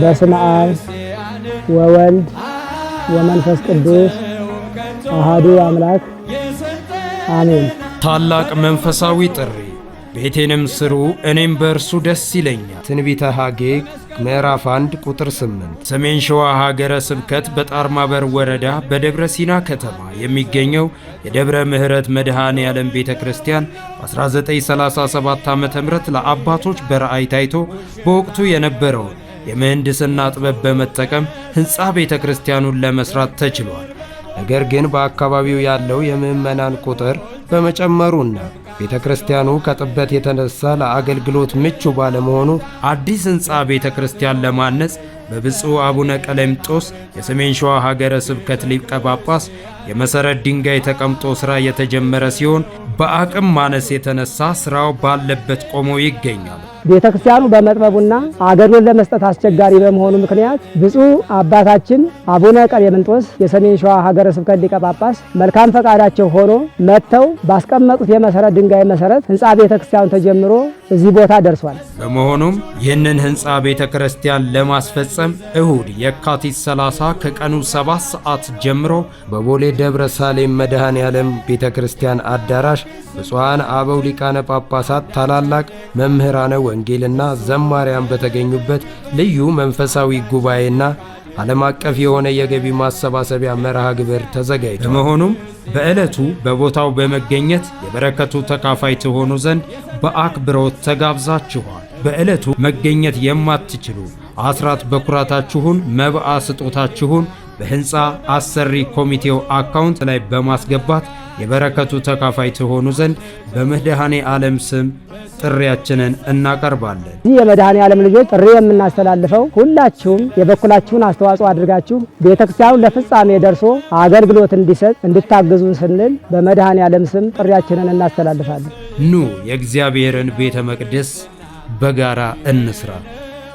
በስመ አብ ወወልድ ወመንፈስ ቅዱስ አሃዱ አምላክ አሜን። ታላቅ መንፈሳዊ ጥሪ ቤቴንም ስሩ እኔም በእርሱ ደስ ይለኛል። ትንቢተ ሐጌ ምዕራፍ 1 ቁጥር 8 ሰሜን ሸዋ ሀገረ ስብከት በጣርማበር ወረዳ በደብረ ሲና ከተማ የሚገኘው የደብረ ምሕረት መድኃኔ ዓለም ቤተ ክርስቲያን በ1937 ዓ ም ለአባቶች በራእይ ታይቶ በወቅቱ የነበረውን የምህንድስና ጥበብ በመጠቀም ሕንፃ ቤተ ክርስቲያኑን ለመስራት ተችሏል። ነገር ግን በአካባቢው ያለው የምዕመናን ቁጥር በመጨመሩና ቤተ ክርስቲያኑ ከጥበት የተነሳ ለአገልግሎት ምቹ ባለመሆኑ አዲስ ሕንፃ ቤተ ክርስቲያን ለማነጽ በብፁዕ አቡነ ቀለምጦስ የሰሜን ሸዋ ሀገረ ስብከት ሊቀ ጳጳስ የመሠረት ድንጋይ ተቀምጦ ሥራ የተጀመረ ሲሆን በአቅም ማነስ የተነሳ ሥራው ባለበት ቆሞ ይገኛል። ቤተ ክርስቲያኑ በመጥበቡና አገልግሎት ለመስጠት አስቸጋሪ በመሆኑ ምክንያት ብፁዕ አባታችን አቡነ ቀሌምንጦስ የሰሜን ሸዋ ሀገረ ስብከት ሊቀ ጳጳስ መልካም ፈቃዳቸው ሆኖ መጥተው ባስቀመጡት የመሰረት ድንጋይ መሰረት ህንፃ ቤተ ክርስቲያኑ ተጀምሮ እዚህ ቦታ ደርሷል። በመሆኑም ይህንን ህንፃ ቤተ ክርስቲያን ለማስፈጸም እሁድ የካቲት 30 ከቀኑ 7 ሰዓት ጀምሮ በቦሌ ደብረ ሳሌም መድኃኔ ዓለም ቤተ ክርስቲያን አዳራሽ ብፁዓን አበው ሊቃነ ጳጳሳት ታላላቅ መምህራነ ወ ወንጌልና ዘማሪያን በተገኙበት ልዩ መንፈሳዊ ጉባኤና ዓለም አቀፍ የሆነ የገቢ ማሰባሰቢያ መርሃ ግብር ተዘጋጅቷል። በመሆኑም በዕለቱ በቦታው በመገኘት የበረከቱ ተካፋይ ትሆኑ ዘንድ በአክብሮት ተጋብዛችኋል። በዕለቱ መገኘት የማትችሉ አስራት በኩራታችሁን፣ መብአ ስጦታችሁን በሕንፃ አሰሪ ኮሚቴው አካውንት ላይ በማስገባት የበረከቱ ተካፋይ ትሆኑ ዘንድ በመድኃኔ ዓለም ስም ጥሪያችንን እናቀርባለን። ይህ የመድኃኔ ዓለም ልጆች ጥሪ የምናስተላልፈው ሁላችሁም የበኩላችሁን አስተዋጽኦ አድርጋችሁ ቤተ ክርስቲያኑ ለፍጻሜ ደርሶ አገልግሎት እንዲሰጥ እንድታግዙን ስንል በመድኃኔ ዓለም ስም ጥሪያችንን እናስተላልፋለን። ኑ የእግዚአብሔርን ቤተ መቅደስ በጋራ እንስራ።